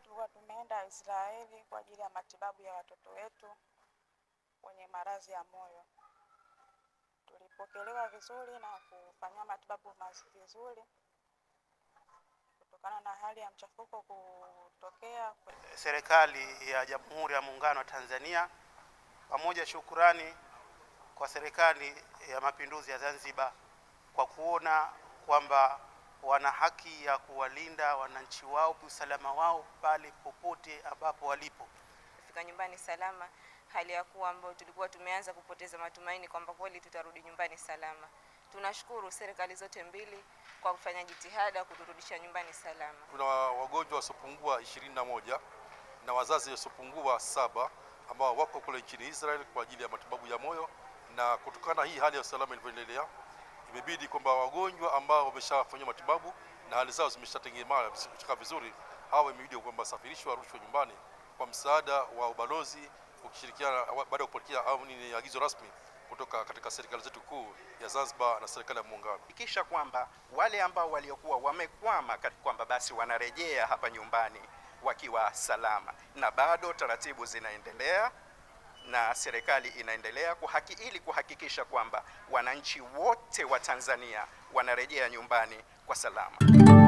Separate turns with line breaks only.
July tulikuwa tumeenda Israeli kwa ajili ya matibabu ya watoto wetu wenye maradhi ya moyo. Tulipokelewa vizuri na kufanyiwa matibabu vizuri kutokana na hali ya mchafuko kutokea.
Serikali ya Jamhuri ya Muungano wa Tanzania pamoja, shukurani kwa serikali ya Mapinduzi ya Zanzibar kwa kuona kwamba wana haki ya kuwalinda wananchi wao usalama wao pale popote ambapo walipo
fika nyumbani salama, hali ya kuwa ambayo tulikuwa tumeanza kupoteza matumaini kwamba kweli tutarudi nyumbani salama. Tunashukuru serikali zote mbili kwa kufanya jitihada kuturudisha nyumbani salama.
Kuna wagonjwa wasiopungua ishirini na moja na wazazi wasiopungua saba ambao wako kule nchini Israel kwa ajili ya matibabu ya moyo, na kutokana hii hali ya usalama ilivyoendelea imebidi kwamba wagonjwa ambao wameshafanywa matibabu na hali zao zimeshatengemana kuchika vizuri, hawa imebidi kwamba safirishwa arushwe nyumbani kwa msaada wa ubalozi ukishirikiana, baada ya kupokea au ni agizo rasmi kutoka katika serikali zetu kuu ya Zanzibar na serikali ya Muungano,
hakikisha kwamba wale ambao waliokuwa wamekwama kwamba basi wanarejea hapa nyumbani wakiwa salama, na bado taratibu zinaendelea na serikali inaendelea kuhaki ili kuhakikisha kwamba wananchi wote wa Tanzania wanarejea nyumbani kwa salama.